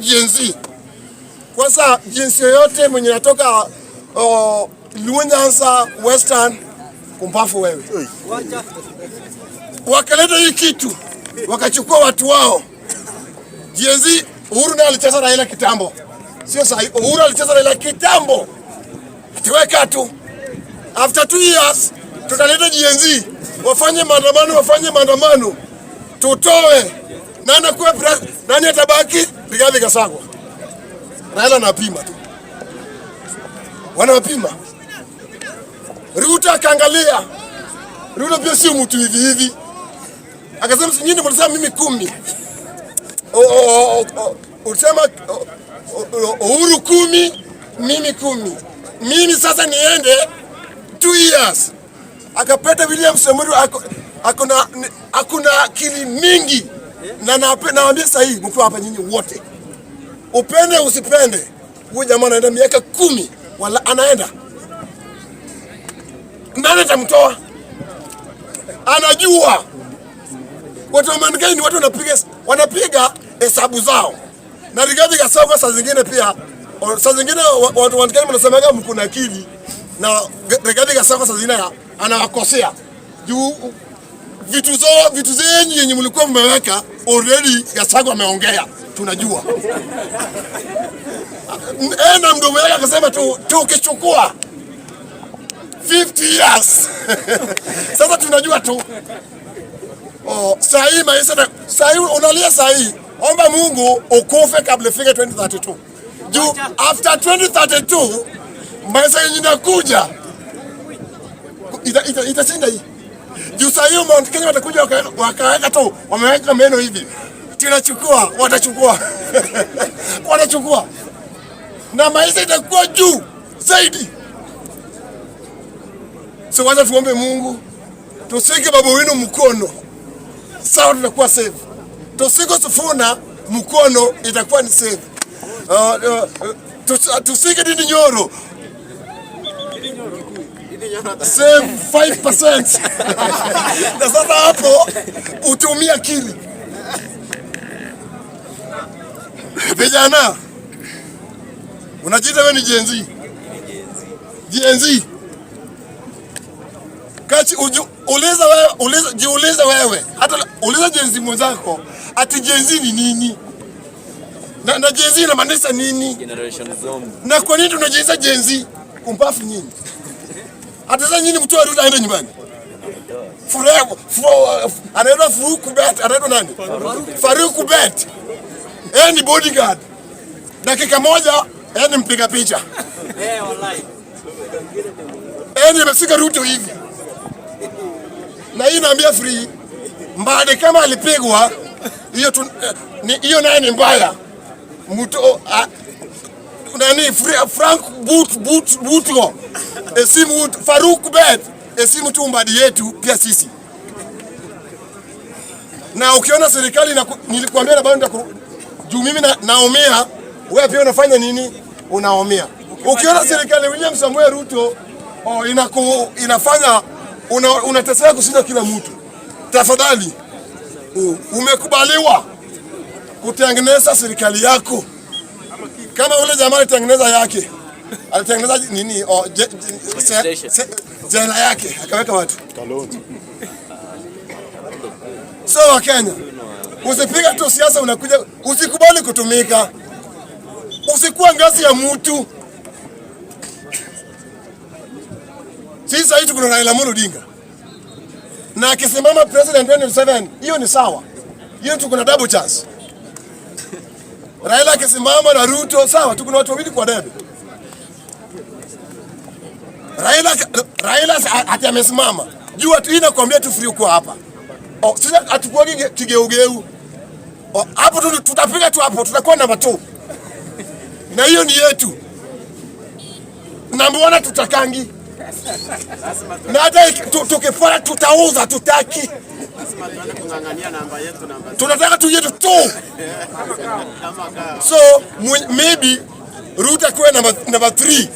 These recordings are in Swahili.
Gen Z. Kwanza jinsi yote mwenye natoka uh, Nyanza Western kumpafu wewe. Wakaleta hii kitu wakachukua watu wao. Gen Z Uhuru naye alicheza na ile kitambo, sio sahi, Uhuru alicheza na ile kitambo, tuweka tu. After two years tutaleta Gen Z wafanye maandamano, wafanye maandamano, tutoe nani nani, atabaki Rigathi Gachagua, Raila anapima tu, wanapima. Ruto akaangalia, Ruto pia sio mtu hivi hivi, akasema nyinyi mnasema mimi kumi, oh, oh, oh, ulisema Uhuru kumi, mimi kumi, mimi sasa niende two years. Akapata William Samoei ako na akuna akili mingi na nawaambia sasa hii mkiwa hapa nyinyi wote, upende usipende, huyu jamaa anaenda miaka kumi, wala anaenda nani atamtoa? Anajua watu wameandika ni watu wanapiga wanapiga hesabu zao, na Rigathi Gachagua saa zingine pia saa zingine watu wanatikana wanasemaga mkuna akili, na Rigathi Gachagua saa zingine anawakosea juu vitu zao vitu zenyu yenye mlikuwa mmeweka already. Gasago ameongea, tunajua ena mdomo yake akasema tu tukichukua 50 years sasa tunajua tu oh, sahii maisha na sahii unalia sahii, omba Mungu ukufe kabla ifike 2032 juu after 2032 maisha yenye inakuja itashinda ita, ita hii sasa hiyo Mount Kenya watakuja wakaweka tu, wameweka meno hivi, tunachukua, watachukua watachukua, na maisha itakuwa juu zaidi. So wacha tuombe Mungu, tusike babu wenu mkono sawa, tutakuwa safe. Tusiko sufuna mkono, itakuwa ni safe. Uh, uh, uh tusike dini nyoro save 5%. Na sasa hapo utumia akili vijana, unajiita wewe ni Gen Z. Gen Z. Kachi uju, uliza wewe, uliza, jiulize wewe. Hata uliza Gen Z mwenzako, ati Gen Z ni nini? Na, na Gen Z inamaanisha nini? Generation zombie. Na kwa nini tunajiita Gen Z? Kumpafu nini? Hata sasa nyinyi mtoe Ruto aende nyumbani. Furaha anaenda Furu Kubet, anaenda nani? Faru Kubet. Yeye ni bodyguard. Dakika moja yeye ni mpiga picha. Eh, wallahi. Yeye ni msika Ruto hivi. Na hii naambia free. Mbade kama alipigwa hiyo eh, hiyo naye ni mbaya. Mtu oh, ah, nani Frank but, but, Butgo esimu Faruk Bet esimu tu mbadi yetu pia sisi na ukiona serikali na, nilikuambia na bado juu mimi na, naumia wewe pia unafanya nini? Unaumia. Ukiona serikali William Samuel Ruto oh, inaku, inafanya unateseka una kushinda kila mtu, tafadhali umekubaliwa kutengeneza serikali yako kama ule jamaa alitengeneza yake alitengeneza nini oh, je, je, se, se, jela yake akaweka watu so Wakenya, usipiga tu siasa, unakuja usikubali kutumika, usikuwa ngazi ya mtu. Sisi hitu kuna Raila Amolo Odinga na akisimama president 27 hiyo ni sawa, hiyo tuko na double chance. Raila akisimama na Ruto sawa tu, kuna watu wawili kwa debe. Raila, Raila ati amesimama jua tu, hii tu free uko hapa. Oh, sasa hatukuagi kigeugeu hapo. tu tutapiga tu hapo, tutakuwa namba 2 na hiyo ni yetu nambona, tutakangi na hata tukifara tutauza tutaki tunataka tuyetu tu so maybe Ruta akiwa namba 3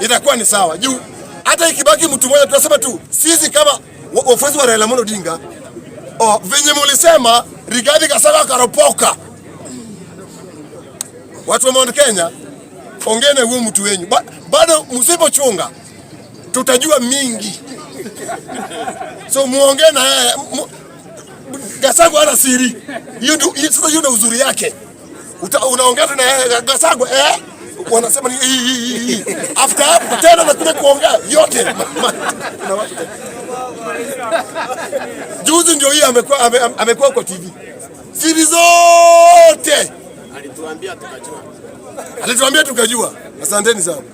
itakuwa ni sawa juu hata ikibaki mtu mmoja tunasema tu sisi kama wafuasi wa Raila Amolo Odinga oh, venye mulisema Rigathi Gachagua karopoka. Watu wa Mount Kenya, ongene huyo mtu wenyu ba, bado msipochunga tutajua mingi so muongee na yeye Gasagwa ana siri. Sasa hiyo ndio uzuri yake. Unaongea tu na Gasagwa eh? Wanasema ni hii hii hii after hapo tena nakuja kuongea yote. Juzi ndio hii amekuwa amekuwa kwa TV. Siri zote alituambia tukajua. Alituambia tukajua. Asanteni sana.